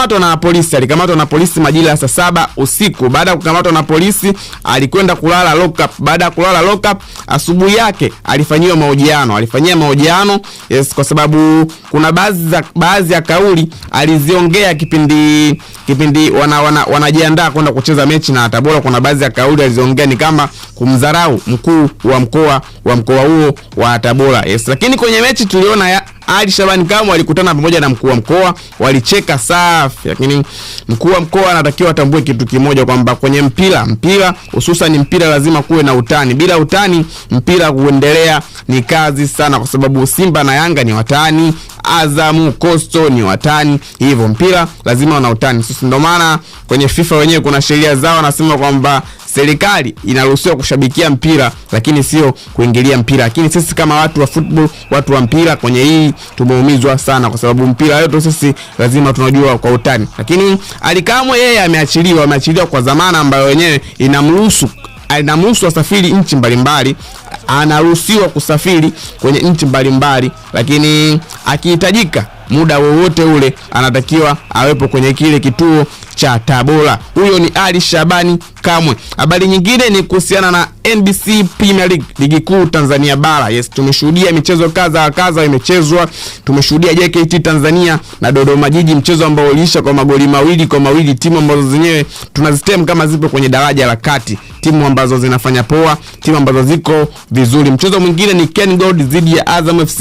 alikamatwa na polisi. Alikamatwa na polisi majira ya saa saba usiku. Baada ya kukamatwa na polisi, alikwenda kulala lock up. Baada ya kulala lock up, asubuhi yake alifanyiwa mahojiano, alifanyia mahojiano yes, kwa sababu kuna baadhi za baadhi ya kauli aliziongea kipindi kipindi wana, wana, wana kwenda kucheza mechi na Tabora. Kuna baadhi ya kauli aliziongea ni kama kumdharau mkuu wa mkoa wa mkoa huo wa Tabora yes, lakini kwenye mechi tuliona ya, ali Shabani Kamwe walikutana pamoja na mkuu wa mkoa, walicheka safi, lakini mkuu wa mkoa anatakiwa atambue kitu kimoja kwamba kwenye mpira, mpira hususan mpira lazima kuwe na utani. Bila utani mpira kuendelea ni kazi sana, kwa sababu Simba na Yanga ni watani, Azamu kosto ni watani, hivyo mpira lazima una utani. Sisi ndio maana kwenye FIFA wenyewe kuna sheria zao, anasema kwamba serikali inaruhusiwa kushabikia mpira, lakini sio kuingilia mpira. Lakini sisi kama watu wa football, watu wa mpira, kwenye hii tumeumizwa sana, kwa sababu mpira yote sisi lazima tunajua kwa utani. Lakini alikamwe yeye ameachiliwa, ameachiliwa kwa zamana ambayo wenyewe inamruhusu anamruhusu asafiri nchi mbalimbali, anaruhusiwa kusafiri kwenye nchi mbalimbali, lakini akihitajika muda wowote ule anatakiwa awepo kwenye kile kituo cha Tabora. Huyo ni Ali Shabani Kamwe. Habari nyingine ni kuhusiana na NBC Premier League, ligi kuu Tanzania bara. Yes, tumeshuhudia michezo kadha wa kadha imechezwa. Tumeshuhudia JKT Tanzania na Dodoma Jiji, mchezo ambao uliisha kwa magoli mawili kwa mawili, timu ambazo zenyewe tunazitem kama zipo kwenye daraja la kati, timu ambazo zinafanya poa, timu ambazo ziko vizuri. Mchezo mwingine ni Ken Gold dhidi ya Azam FC.